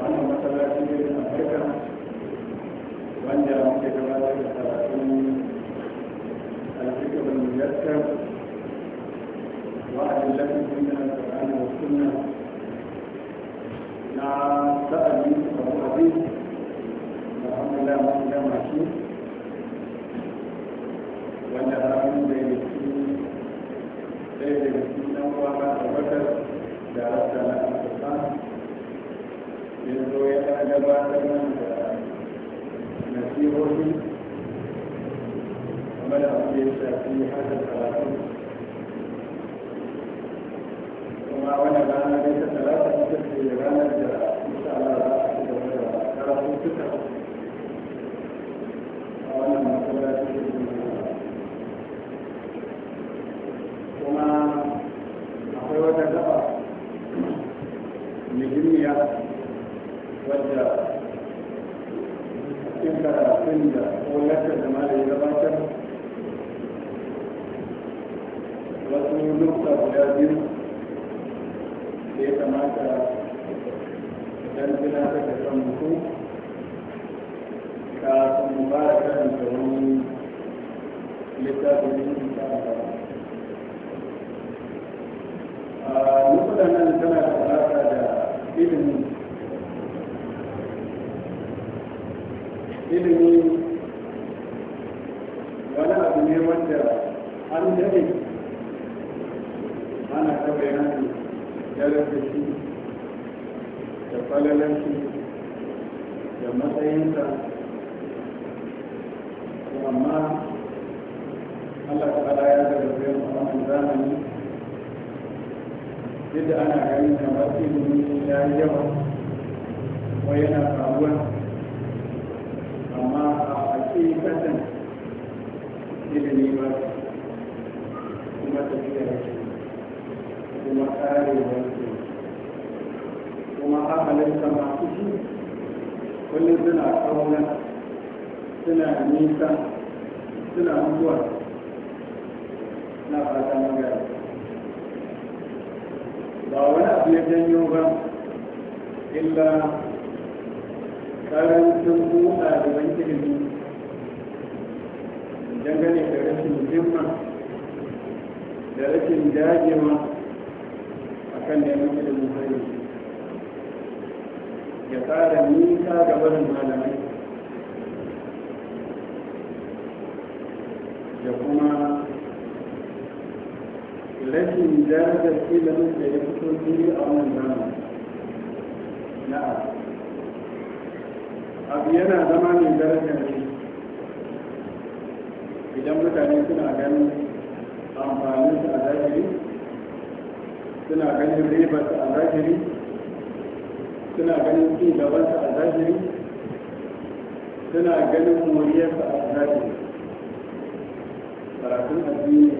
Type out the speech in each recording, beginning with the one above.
mana masalah kita mereka Banyak mereka kepada kita ini Al-Fikr menjelaskan Wahai yang punya Al-Quran dan Sunnah Nah, tak ada ilimin rashin jarabar ilimin da ya fito fili a wannan zamani abu yana zama mai darajar ne idan mutane suna ganin amfanin su a zahiri suna ganin ribar su a zahiri suna ganin ci gaban su a zahiri suna ganin moriyar su a zahiri karatun addini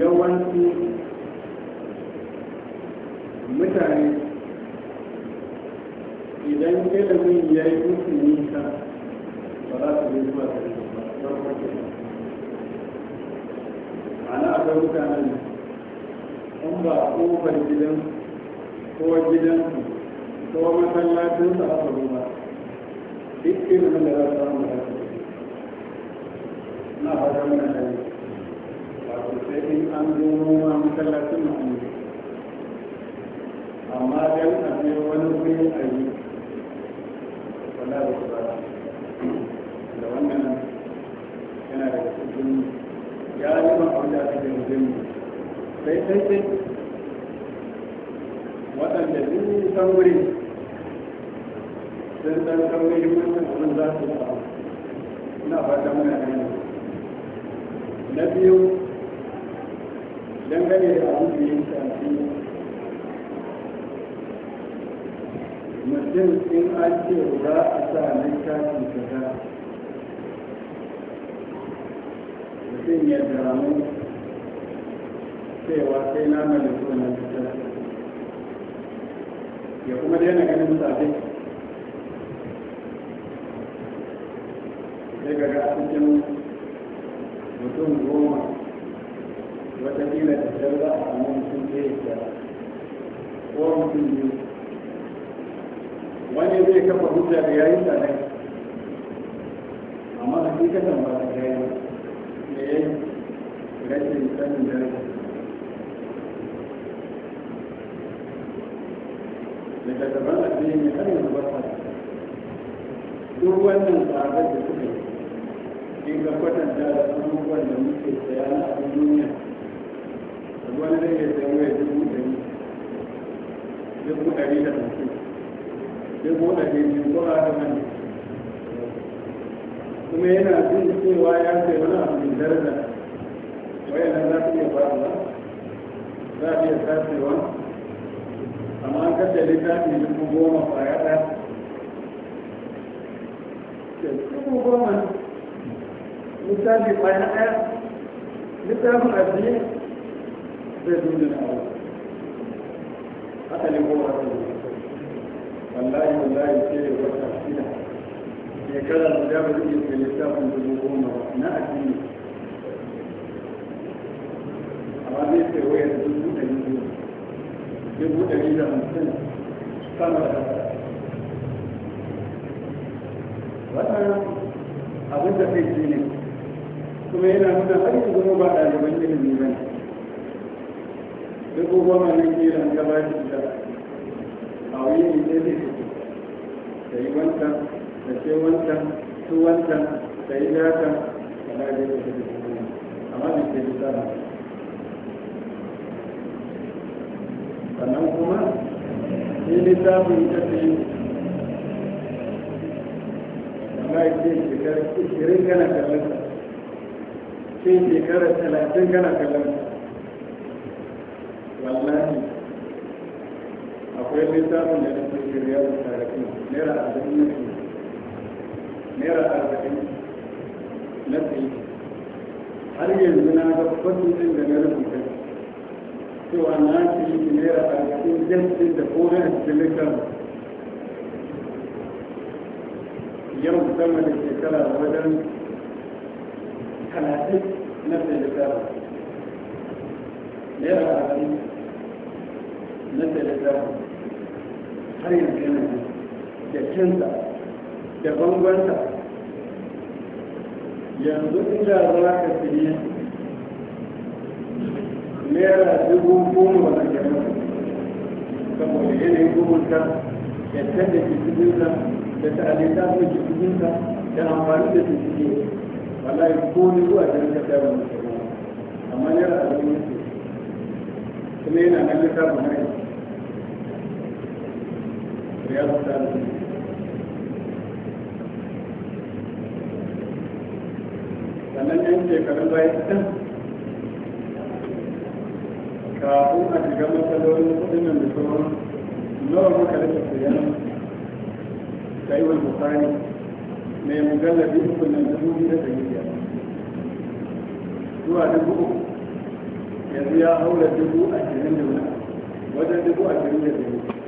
yawanci mutane idan ilimin ya yi musu nisa ba za su yi zuwa da ba ana akwai mutanen an ba kofar gidan ko gidansu ko masallacinsu a ba duk ilimin da za su samu na fata mana hanyar sai in an zo noma masallacin mahimmi amma dan a ne wani wuri a yi wala da ba da wannan yana da cikin ya yi ma abu da ake mutum sai sai sai waɗanda duk san wuri sun san san muhimmancin abin za su yi ba ina fata muna gani na biyu dangane da abin da ya shafi mutum in an ce za a sa littafi kaza mutum ya damu cewa sai na mallaki wannan littafi ya kuma daina ganin safe sai ga cikin kila da jarra a samu mutum zai da ko mutum biyu wani zai kafa hujja da yayi tsare amma hakikatan ba ta kai ne rashin sanin daraja daga gaban addini har yanzu ba ta duk wannan tsadar da suka yi in ga kwatanta da abubuwan da muke tsaya na abin duniya wanda ya zama ya dubu ɗari dubu ɗari da hamsin dubu ɗari biyu ko a da mani kuma yana jin cewa ya sai wani abu mai daraja wayan za su iya ba ba za a iya tasewa amma an kashe littafi dubu goma kwaya ɗaya dubu goma littafi kwaya ɗaya littafin addini sai dole haka ne ba wallahi wallahi sai da wata shida shekara da ya ba iya dubu goma na addini amma zai sai dubu dubu da sama da wannan abin da kuma yana nuna har yanzu ba ɗaliban ilimi ba ne duk goma na kiran gaba shi da a ne zai fito da yi wancan da ce wancan su wancan yi da na da amma ke sannan kuma shi ta ce shekarar 20 kana kallon shi shekarar 30 kana kallon wallahi akwai littafin da nake shirya da tarihi naira arba'in na ke naira arba'in na ke har yanzu na ga kwatin da na rubuta cewa na ke naira arba'in jantin da kone a cikin yau musamman da shekara wajen talatin na sai littafin naira arba'in na telegram har yanzu da canza da bangonsa yanzu inda za ka fiye naira dubu goma wata kenan saboda yanayin gobinta da canza kisirinsa da ta'alita ko kisirinsa da amfani da su suke wallahi ko ni zuwa jirgin kasa ba amma naira abin yake kuma yana nan littafin hanyar ويغسل sannan yan shekarun bayan can kafin a shiga matsalolin kudin da musamman nawa muka rike siyan sayiwar bukari mai mugallabi uku nan dubu biyu da ɗari biyar zuwa dubu uku yanzu ya haura dubu ashirin da wani wajen dubu ashirin da ɗari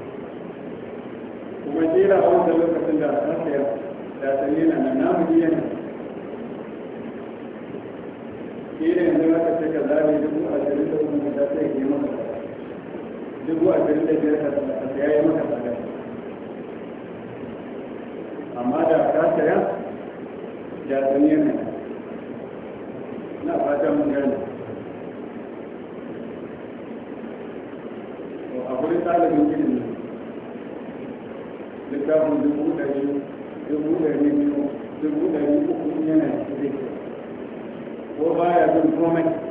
kuma jera a wanda lokacin da aka yi da sanye na nan namu biya ne ƙira yanzu aka ce ka zaɓe dubu ashirin da kuma ta sai ke maka dubu ashirin da biyar ka saya ya maka tsada amma da ka saya da sanye na na fata mun gane a gurin ɗalibin gini shagon dubu ɗari dubu ɗari biyu dubu ɗari uku yana da ko baya bin komai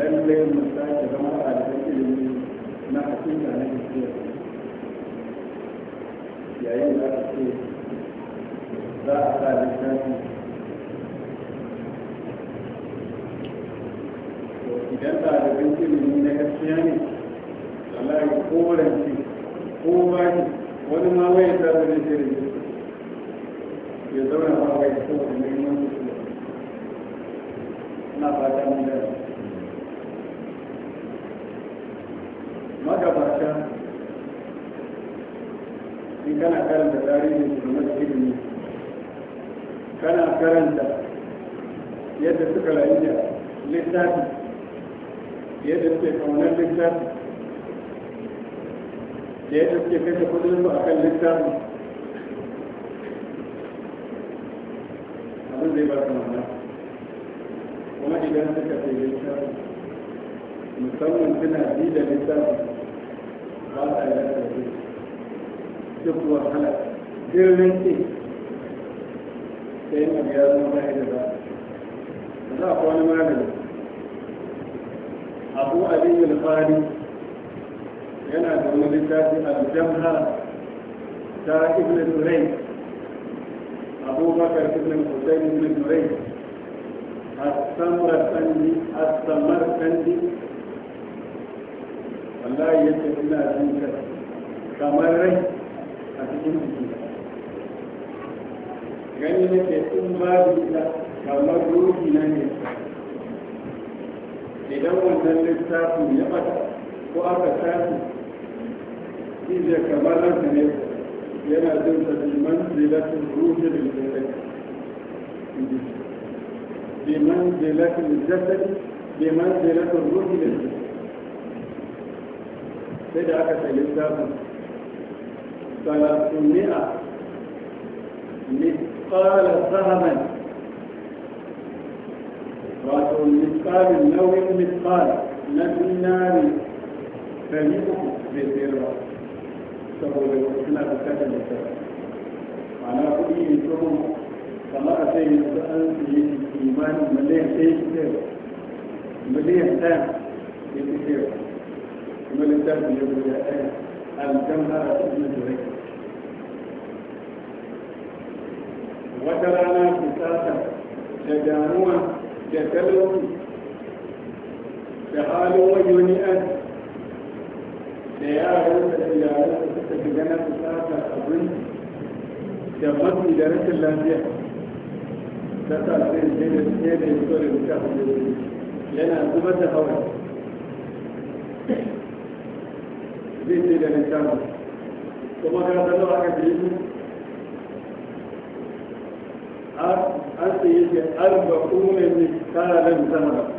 lallai mu sake zama a da ilimi na hakika na yayin da aka ce za a sa littafi idan ɗaliban ilimi na gaskiya ne wallahi ko ko wani ma da ya zauna ma na fata da kana karanta yadda suka rayu da littafi yadda suke kaunar littafi da yadda suke kashe kudin su akan littafi abin zai ba su mana kuma idan suka ce littafi musamman suna bi da littafi ba sa yi da duk wahala birnin ce za a wani abu aliyu alfari yana da wani littafi aljamhara ta ibn turai abubakar ibn hussein ibn turai السمرقندي السمرقندي والله يتبنى ذنك kamar rai a cikin jiki gani nake in babu ita kamar ruhi na ne wannan littafin ya bata ko aka tafi ije kamar ranka ne yana jin sabiman zilatin ruhin jasadi biman zilatin jasadi biman zilatin ruhin jasadi sai da aka sai littafin ثلاثمائة مثقال ذهبا wato مثقال لو مثقال من النار فليكن بالذرة سبولي وشنا بكتا بكتا معنا قلي يسوه فما أتيه يسأل في إيمان مليه تيه كتير مليه تام يتكير مليه تام يبدأ أيه أم كم هذا ابن جريك وترانا كتاتا تجانوا تكلم da halin wani an da yaran da yaran da suka fi gana su sata abin da mafi da rashin lafiya ta sa sai da da suke da yanzu da mutu a yana zubar da hawa zai ce da littafin kuma ka san nawa aka fiye an tsaye da arba'una ne kara da musamman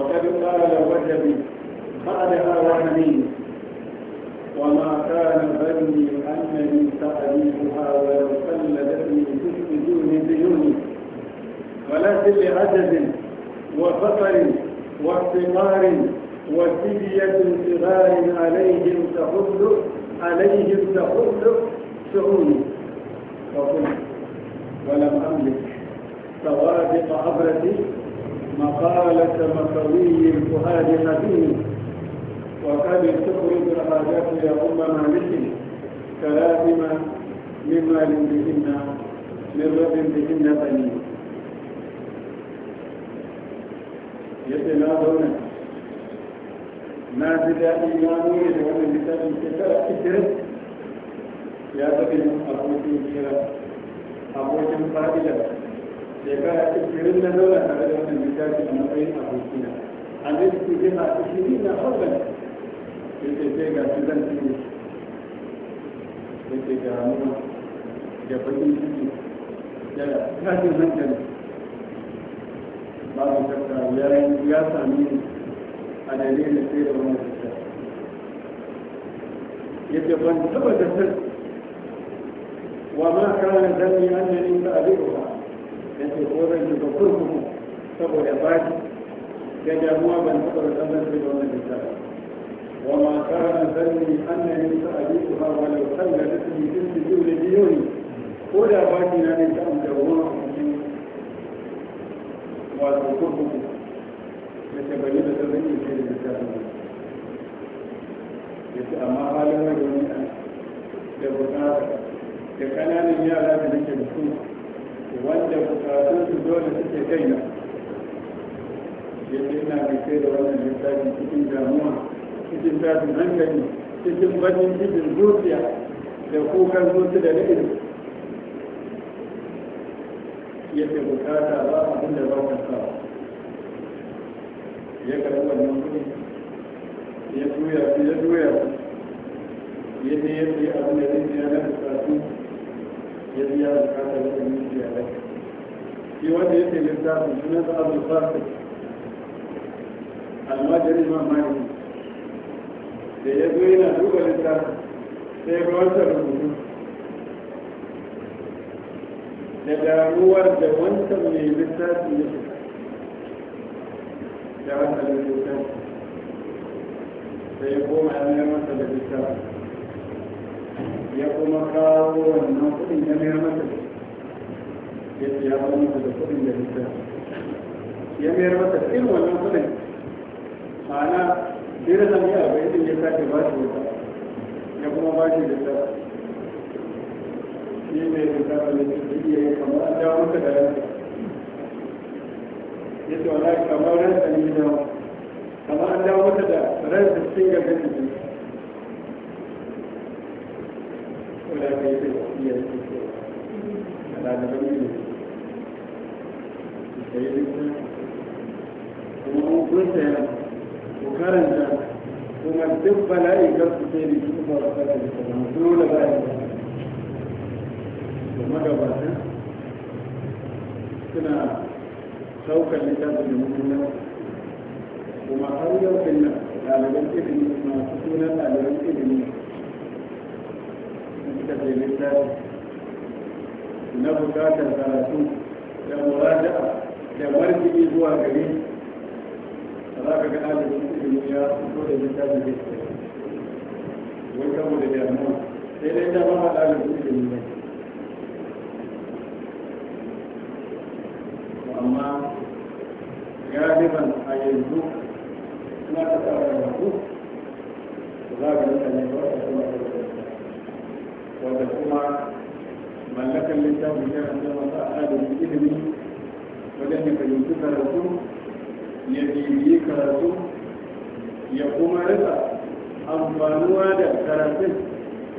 وقد قال وجبي بعدها وحنين وما كان بني انني ساليتها ولو قلدتني في السجون ديوني ولكن لعجز وفقر واحتقار وفدية صغار عليهم تحل عليهم تحل شؤوني وقلت ولم املك سوابق عبرتي مقالة مقوي الفؤاد حكيم وقد تخرج الحاجات يا أم مالك كلازمة مما بهن من رب بهن بنين يتناظرنا ما بدا إيمانية لأن الكتاب الكتاب كترت يا بني أبوكم كرا أبوكم قائلة يتبعون تبعاً وما كان ذلك أنني سأذيبه da ke وما كان ذنبي أنني سأجيبها ولو خلدتني في السجود ديوني ولا باقي لن تأمرون وتركهم يتبين تبين في الكتاب يتأمى قال رجل لبقاء لكنان يا لا تنكي بسوء wanda bukatun su dole suke kaina yadda ina mai kai da wannan littafin cikin damuwa cikin tashin hankali cikin bakin cikin zuciya da kukan zuci da na'in yake bukata ba abin da ba ka sa ya karɓi wannan kuɗi ya juya su ya juya su ya je ya je abin da zai ya na bukatu ya biya bukata da shi a rai shi wanda yake littafin sunan sa abu fasik almajiri mamaki da ya zo duba littafin sai ga wata rubutu da damuwar da wancan mai littafin ya shiga sai ya kuma kawo wannan ya ce ya da kudin da nisa ya mayar masa irin wannan kudin ma'ana jira da miya ba yadda ya sake ba shi wuta ya kuma ba shi da shi ne da tsara da iya yi kamar an dawo maka da ransa ya ce wala kamar ransa ne da kamar an dawo maka da ransa cikin gargaɗin jinsa da كيف يحيي da على نبينا kuma an kunsa ya ku karanta kuma duk bala'i kar ku sai da kuma ba ku karanta ba dole ba ya ba kuma suna saukar littafin da mutum kuma har yau din nan ɗaliban ilimi masu sunan ɗaliban ilimi suka je littafi na bukatar karatu da muraja'a da martini zuwa gare da za ka gana da ilimi ya fito da littafin da ke wai saboda damuwa sai dai ta ba ɗalibin ilimi ne amma galiban a yanzu na ta tsara da ku za ga mutane ba su kuma wanda kuma mallakan littafin yana zama ta adalin ilimi wajen ya fahimci karatu ya bibiyi karatu ya kuma rika amfanuwa da karatun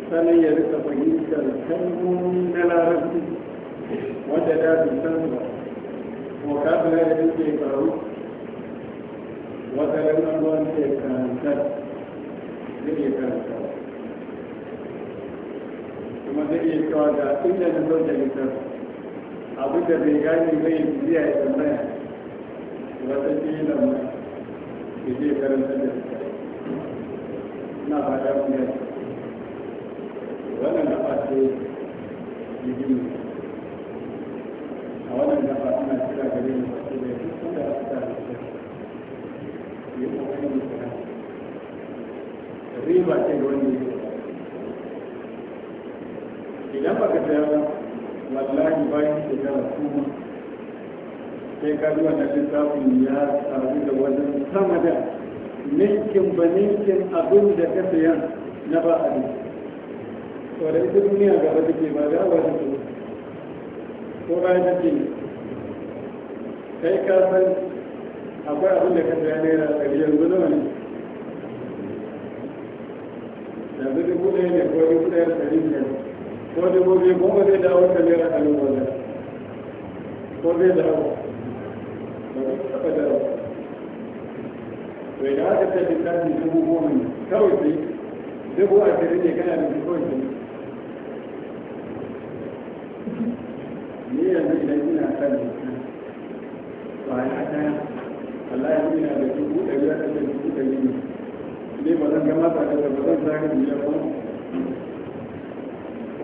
sannan ya rika fahimtar kalmomi na larabci wanda da su san ba, ko kafin da suke faru wata ran an zuwa ke karantar zai iya karantar kuma zai iya cewa da inda na zo da littafi abu da bai gani mai biya ya tambaya wata kila ma ke je karanta da su na fata mu ne wannan gaba ce jikin a wannan gaba suna cika gare mu ba da duk wanda aka ta da shi ya kuma mu ta riba ce ga wanda idan ba baka ta wallahi bayan shekara kuma sai ka zuwa na littafin ya sami da wajen sama da ninkin ba ninkin abin da ka sayan na ba a to da ita duniya gaba ke ba da awa take ko ba bayan take kai ka san akwai abin da ka saya naira ɗari yanzu na wani yanzu dubu ɗaya ne ko dubu ɗaya ɗari biyar ko dubu goma zai dawo ta a ɗari goma ko zai dawo ba dawo bai da haka ta littafi dubu goma ne kawai sai dubu ashirin ne kana da kawai sai ni yanzu idan ina kan littafi kwana ɗaya Allah ya nuna da dubu ɗari a ƙasar dubu ɗari ne ne ba zan gama ta da ba zan zaka biya ba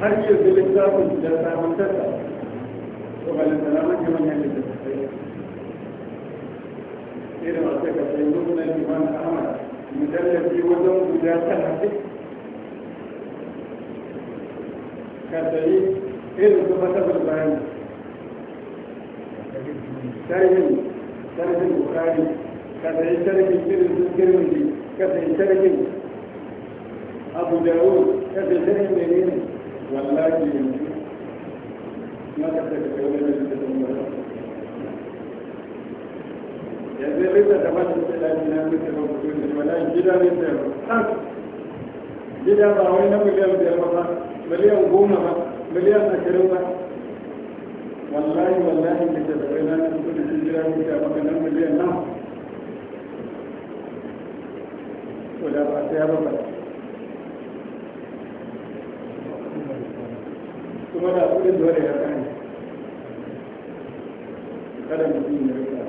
har yanzu littafin da samun tasa to ba lantar na mace manyan littattafai sai da masu ka sai nuna liman mu mujallafi wajen guda talatin ka sayi irin su masabar bayani tarihin tarihin bukari ka sayi tarihin irin su girmindi ka sayi tarihin abu dawud ka sayi tarihin menene wallahi yanzu na yanzu ya da masu gida ne da yawa gida ba wai na miliyan biyar ba miliyan goma ba miliyan ashirin ba wallahi wallahi da ke da na jira maka nan miliyan nan ko da ba sai ya kuma da kudin dole ya ne. kada mutum ya rika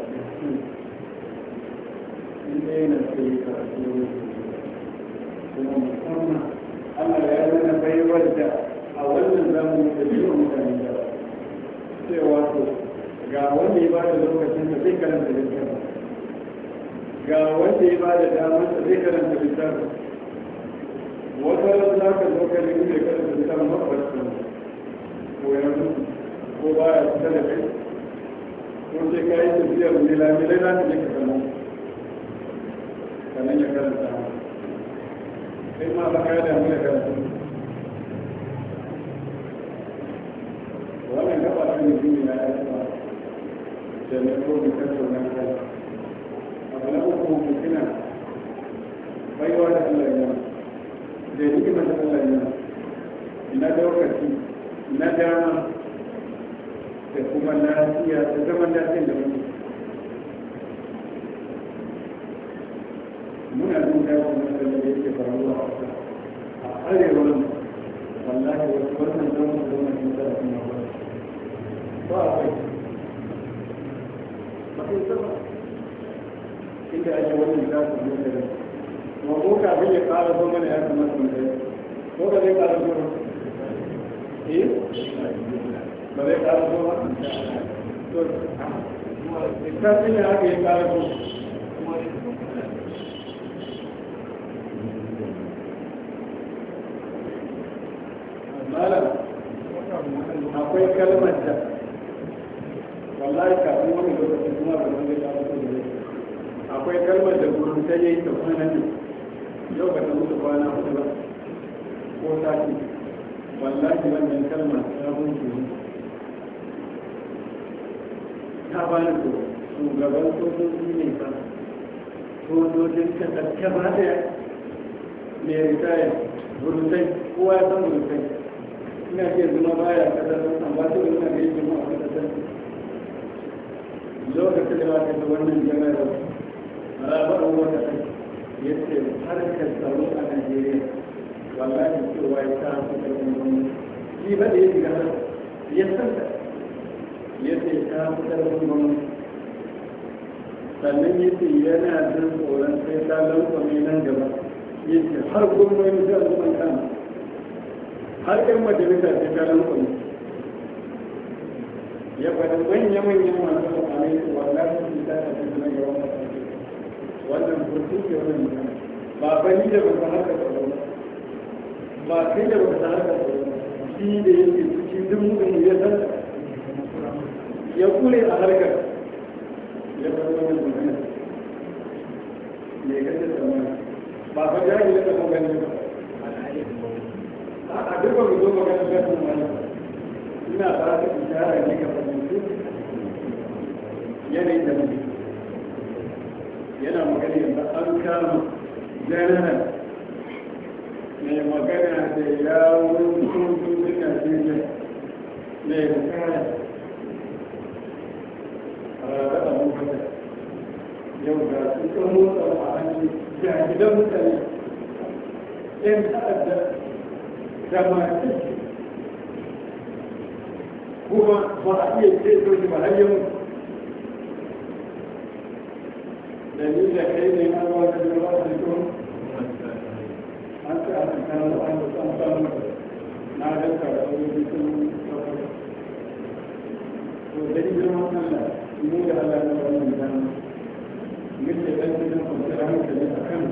in dai na sai karatu kuma musamman Allah ya zana baiwar da a wannan zamani da ciwon mutane da cewa to ga wanda ya ba da lokacin da zai karanta littafi ga wanda ya ba da damar da zai karanta littafi wata za ka zo ka rike karanta littafin mafarkin ko ba ya fita da kai ko sai ka yi tafiyar milamilai za ka je ka kallon sannan ya karanta kai ma ba ka yi damu da karanta wannan gaba ta ne duniya ya yi ba jami'ar ko mai tattauna wurin sai dai ta kwana ne yau ba ta mutu kwana hudu ba ko sati wallahi wannan kalma ta gunki ta bani ko shugaban sojoji ne ba sojojin kasar gaba daya mai ritaya burusai kowa ya san burusai ina ke zuma baya kasar amma su ina ga yi zuma a kasar lokacin da ba ta wannan jami'ar rabar wata ya ce harkar tsaro a najeriya wallahi cewa ya sa su karfin gwamnati shi ba da ya shiga ya santa ya ce ta fi karfin gwamnati sannan ya ce yana jin tsoron sai ta lankwame nan gaba ya ce har gwamnati ta zuwan kama har yan majalisa sai ta lankwame ya faɗi manya-manyan masu tsakanai wallahi su ta tafi nan gaba wannan hutun ke wani magana ba ni da ba san haka ba ba kai da ba san haka shi da yake cikin duk mutum ya san ya kure a harkar ya faɗi wannan magana me ka ce tsammani ba fa jahilin da kan gani ba a duk ba mu zo magana ba tsammani ina ba ka ishara ne ka fahimci yanayin da mutum yana magana yanzu an kama janaran mai magana da yawon kundin najeriya mai magana a rarar abubuwa yau ga su motsa a hannu jahilan mutane yan ta'adda da masu kuma ba a iya ce ba har yau دليل حين أول برأسكم حتى أتكلم عن الأمر ما ذكر أولكم ودليل من الله يمول على نور الميزان مثل ذلك القرآن الذي أكمل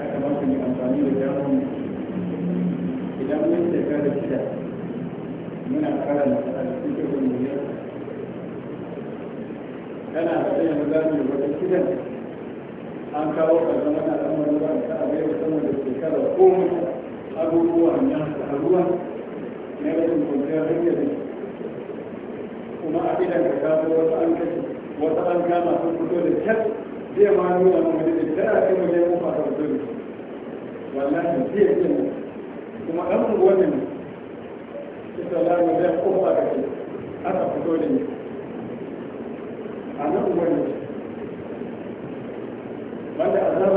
أكملت من أمطاني وجاءهم إلى من تكاد كده من أقل المسألة za mu wata kidan an kawo ƙarshen wani al'amari ba da a bai sama da shekara goma abubuwa na haruwa na rashin kwanciyar hankali kuma a idan ka kawo wasu an kashe wasu an kama sun fito da kyar zai ma nuna mu da tara kai mu je mu fara da wallahi zai yi kuma dan unguwar ne ita da kofa kake aka fito da ni a nan unguwar ne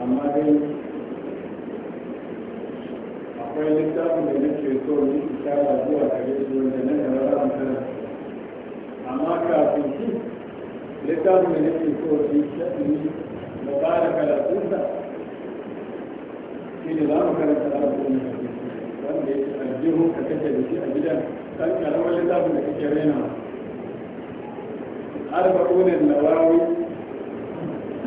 amma dai akwai littafin da nake so ni ishara zuwa gare shi wanda nan da rana mutane amma kafin shi littafin da nake so ni shaɗi da fara karatunsa shi ne za mu karanta arzikin wanda ya aljihu ka kake da shi a gidan ɗan ƙaramar littafin da kake raina arba'unan nawawi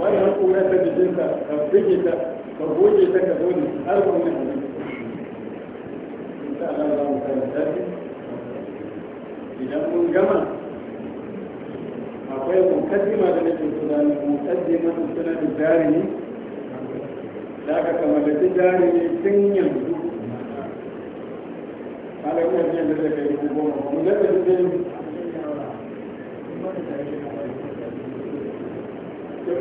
wani har kura ta jikinka ka bige ta ka goge ta ka zo har ba wani kuma insha Allah za mu karanta shi idan mun gama akwai mukaddima da nake tunani mukaddima da tunani jarumi da aka kammalaci jarumi tun yanzu alaƙar yin da zai kai goma mu zai da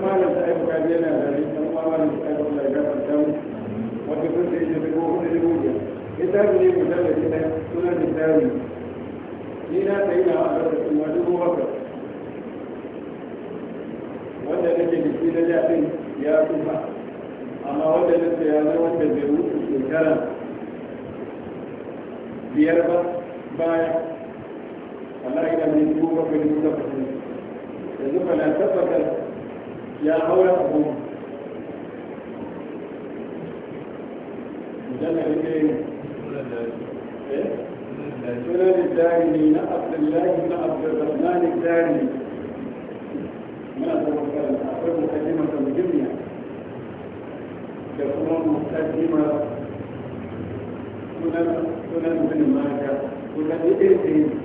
malam da aiki kaji yana da ne dan uwa malam da aiki Allah ya gafarta sun da yake ko kuma da gobe ita ne mu da ne suna da tsari ni na sai na a da kuma duk wata wanda nake da shi ya tufa amma wanda na ya zama wanda bai wuce shekara biyar ba baya Allah ya ne ko ba ne da yanzu ba tabbatar يا قول أبوه مجلد سنن الدارمي إيه؟ من عبد الله بن عبد الرحمن الدارمي من أتوكل أقول مقدمة الجميع تكون مقدمة سنن سنن بن ماجه سنن ابن الحديثين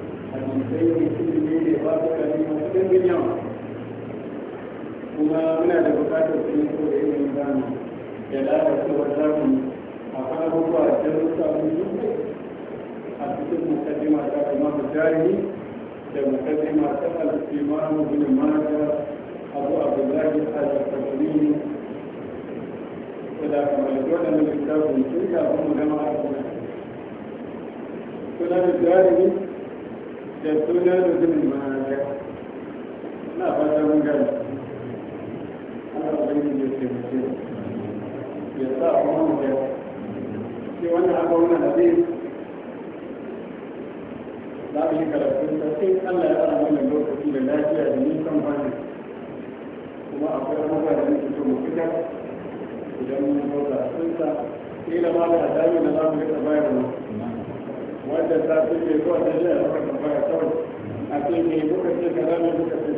في muna da bukatar su ne da yanayin zamu da lalacewar a kan abubuwa da rusa ne a cikin mukaddima ta kuma jari da mukaddima ta al-imam ibn majah abu abdullah al-tabari da kamar dole ne da mun da mun gama a sunan jahidi da da jari sunan ibn majah taimake mu ya sa a wani da ke wannan haka wannan hadis za mu yi karatu da sai Allah ya sa wannan lokaci da lafiya da nisan bani kuma akwai abubuwa da nake so mu fitar idan mun zo da sunsa kila ma da dami da za mu rika bayarwa wanda ta fi ke zuwa da shi a lokacin bayar kawai a ce ne kuka ce ka zame kuka ce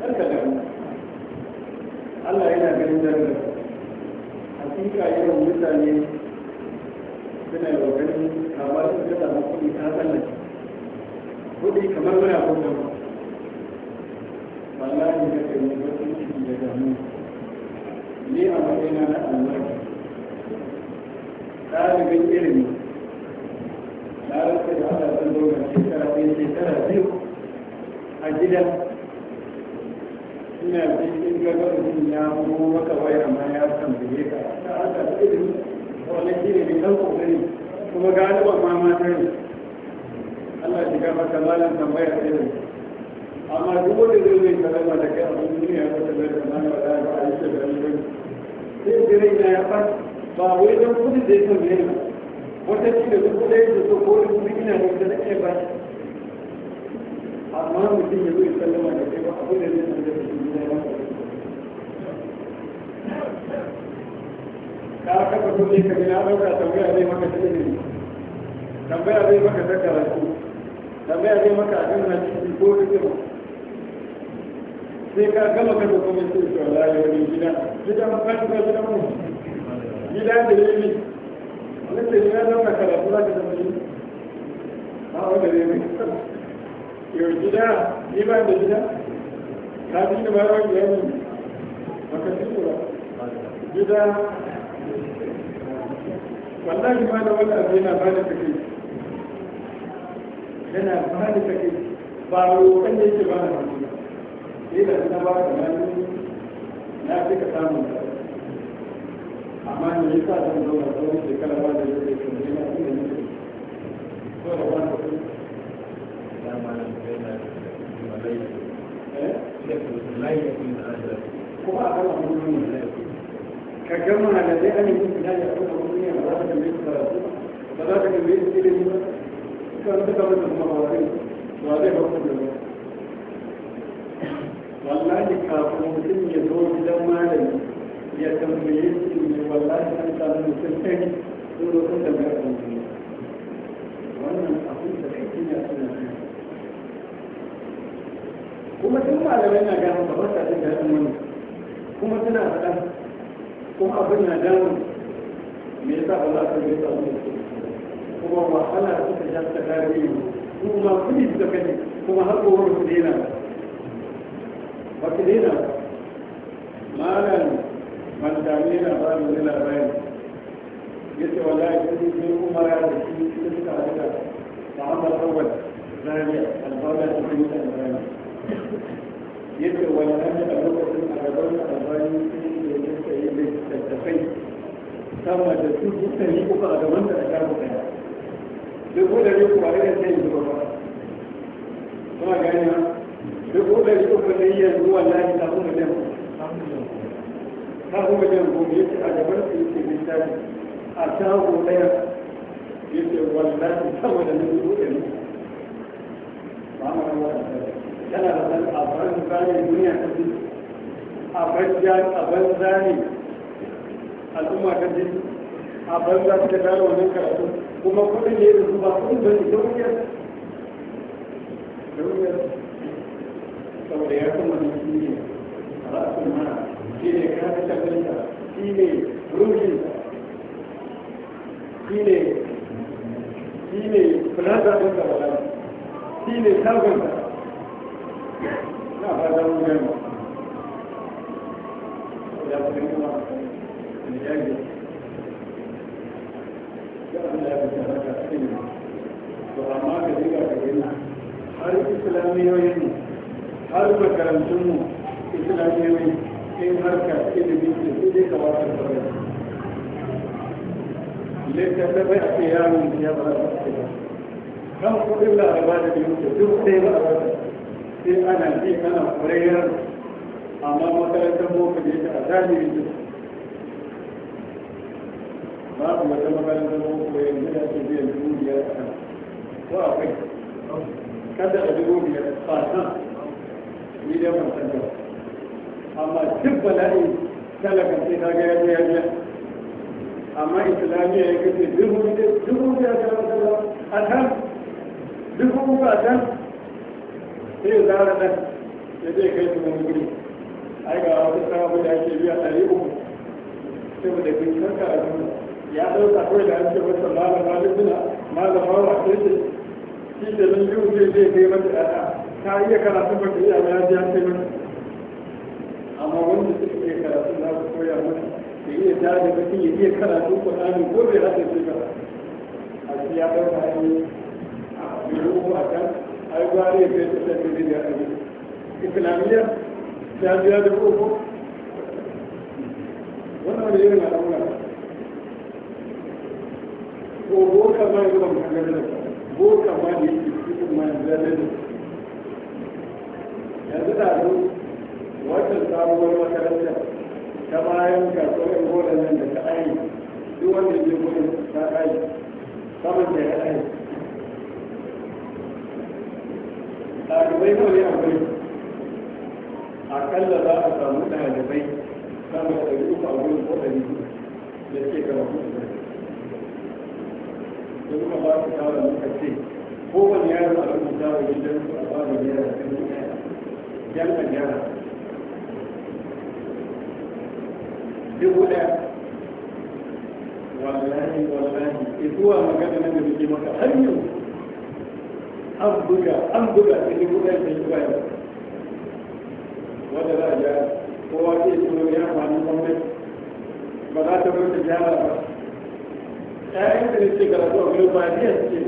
dan kadan Allah yana ganin darajar hakika yawan mutane suna yi ganin kama sun ka samu kuɗi ta tsallake kuɗi kamar muna kuɗin wallahi ka kai mu wasu ciki da damu ni a matsayina na Allah ɗalibin ilimi na rasa da Allah zan zo ga shekara ɗaya shekara biyu a gidan ina cikin mutum ya maka amma ya ta ne kan kokari kuma galiban ma Allah shi gaba ka malam tambaya ta amma duk wanda zai kalama da kai abin duniya ba a yi shi da ilimi sai ina ya ba wai kudi da ya wata da duk kudi da ko duk kudi da ba amma mutum ya zo ya sallama da kai ba abin da zai ka kafa kulle ka gina ɗauka tambaya zai maka ta ilimi tambaya zai maka ta karatu tambaya zai maka abin na ciki ko rikima sai ka gama ka zama mai sai shi wallahi wani gida gida ba shi ba mu gida da ilimi wani ce ya zama karatu za ka zama ilimi a wanda zai mai yau gida ni ba da gida ka fi ni ba wani yanzu maka ba gida wallahi ma da wani abu yana bada take yana bada take ba roƙon da yake bada hannu ba sai da na ba ka mani na fi ka samun da amma ne ya sa zan zo na tsawon shekara ba da yake kan yana inda ne ko da wani kuɗi da ma na kai na malai eh da kuma a kan abubuwan da ya ka gama da zai ana yin fita da kuma duniya ba za ka tambaye su karatu ba za ka tambaye su ilimi ba suka an suka mata kuma ba zai ba zai ba kuma ba wallahi kafin mutum ya zo gidan ya kuma duk malamai na gano ba ba sa kuma suna faɗa ko abin na damu me yasa ba za ka yi ta kuma wahala suka sha ta kare yi kuma kudi suka kani kuma har gobe ku daina ba ku daina malam mantami yana ba mu ne labarin ya ce wala ya kudi ne kuma ya da shi suka haɗu da ma'amar awal zariya albaba ta kuma yi ta zariya ya ce wala ya da lokacin a gaban albani kai sama da su dukkan a gaban da da irin sai yanzu ba gani da yi yanzu wallahi ta kuma jan ta kuma jan yake a gaban su yake a shago yake wallahi sama da ba ma da san a zane duniya ta a al'umma ta jini a banza suka tara wannan karatu kuma kudin da ya ba kudin da ne dauniyar dauniyar saboda ya kuma da shi ne ra'asun shi ne kasa shafinta shi ne ruhinsa shi ne shi ne fulasa ɗinsa ba shi ne dai ban amma duk bala'i talaka sai ka ga ya biya amma islamiyya ya kace dubu da dubu ya ga sallah a kan dubu ba kan sai zara dan ya kai su wani guri ai ga wasu sabu da ake biya ɗari uku saboda bin a karatu ya ɗauka kawai da ake wata malama lukuna malama wa ce shi da nan yau zai kai mata ɗaɗa ka iya karatun ba ka iya ba ya biya sai mata amma wanda suka iya karatu za ku koya mata ya iya jari da ya iya karatu kurani ko bai hada shi ba a shi ya ɗauka an yi a biyu ko a can ai gwari ya kai ta tafi da ya islamiyya ya biya da uku wannan da yin al'amura ko boka ma yi ba mu kanar da boka ma da yake cikin ma yi zalar da sami wannan sabuwar makarantar ta bayan kasuwar gona nan da ta ayi duk wanda ke gudun ta ayi saman da ya ayi ɗalibai ko ne akwai akalla za a samu ɗalibai sama da ɗari uku a gudun ko ɗari biyu da ke gaba kudu da su kuma ba su tara muka ce ko kowane yaro a rubuta idan ka gyara dubu ɗaya wallahi wallahi zuwa magana na da muke maka har yau an buga an buga ta dubu ɗaya ta yi baya wanda za a gyara kowa ke tsoro ya amfani gwamnati ba za ta mutu gyara ba ƴaƴan da ne ce karatu a wani ba ne ce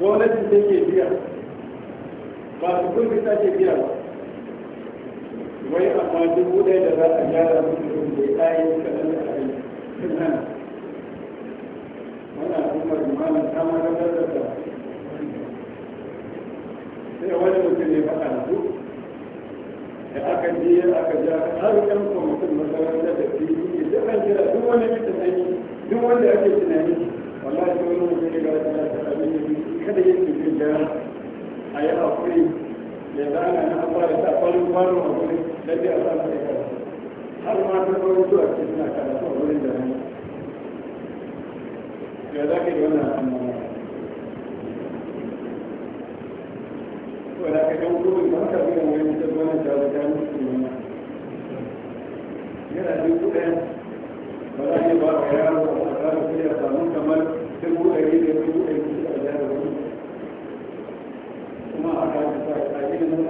gwamnati take biya ba su kun sake biya ba wai amma ɗaya da za a gyara musu da ya ɗaya kaɗan da wannan sai wani mutum ne faɗa da da aka je aka ja har yan da fi yi kan duk wani mutum ne duk wanda ake tunani wallahi wani mutum ne ga kada yake jin jara a yi haƙuri ya zana na abuwa da sa farin farin haƙuri lalle a samu da har ma ta farin zuwa ce suna karatu a wurin da nan ya za ka yi wannan annabawa wadda ka ɗan kuma ba ka biya wani ta zuwa na jawo ta musu ne yana duk ba za a yi ba a yaro a fiye a kamar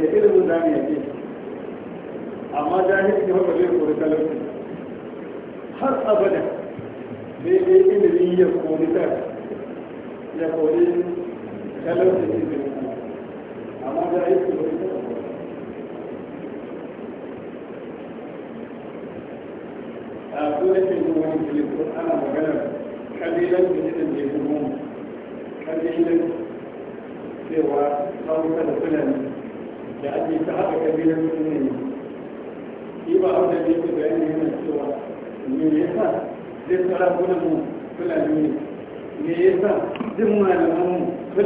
ne da ilimin za amma zai kori talauci har abada daidai ilimin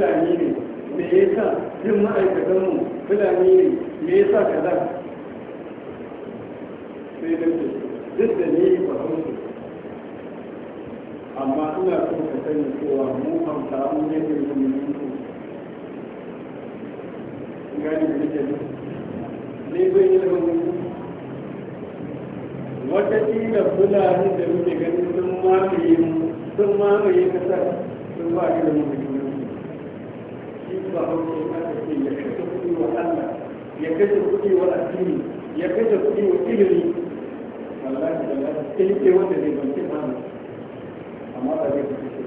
fulani ne me yasa jin ma'aikatan mu fulani ne me yasa kaza sai da duk da ni ba su amma ina so ka sani cewa mu hamsa mun yin rumin ku gani da nake ne bai yi rumin wata kila fulani da muke ganin sun mamaye mu sun mamaye kasar sun ba ki da mutum babanci aka ce ya kashe kuɗi wa Allah ya kashe kuɗi wa addini ya kashe kuɗi wa ilimi wallahi wallahi sai ke wanda zai banci hannu amma ba zai kashe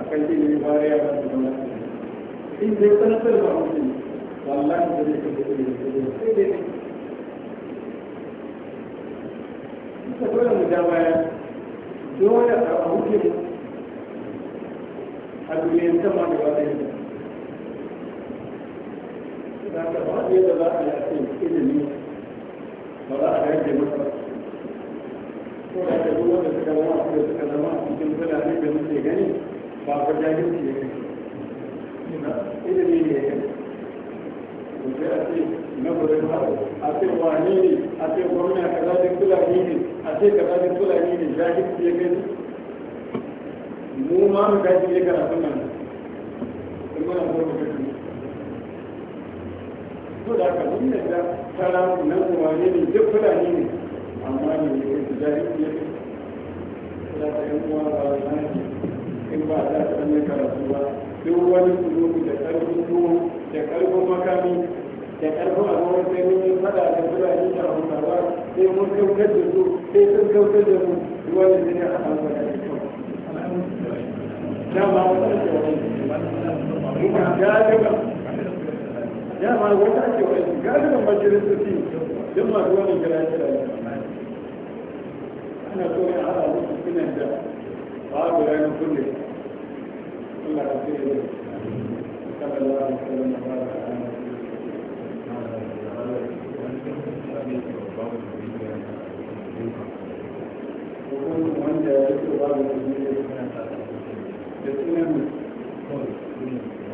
a kan ilimi ba ya ba su zama in zai sanatar ba mutum wallahi da zai kashe ilimi sai dai ne ta dole mu ja baya dole a hukumu a duniyar sama da wadanda da haka ba yadda za a yi a cikin ilimi ba za a yanke masa ko da ta duk wanda suka zama su suka zama cikin fulani da muke gani ba fa jahilci ya kai ilimi ne ya kai ko sai a ce na gurin haɗu a ce wani ne a ce gwamna kaza da fulani ne a ce kaza da fulani ne jahilci ya kai mu ma mu gaji ne karatun nan kuma na to da haka mun da tara nan kuma ne ne duk fulani ne amma ne ne kai jahili ne da ta yan uwa ba na in ba za ta ne karatu ba duk wani kulubu da karfin tuwo da karfin makami da karfin abubuwan sai mun yi fada da fulani da hausawa sai mun kautar da su sai sun kautar da mu ruwan da ne a hausawa da kyau dama wani da wani ga daga dama wata ake wa yanzu galibin majalisoci don masu wani kira kira ana so ya hada musu sunan da ba a guda na kulle Allah ka sai da sallallahu alaihi wasallam ba da hukumin wanda ya fito babu da sunan mutum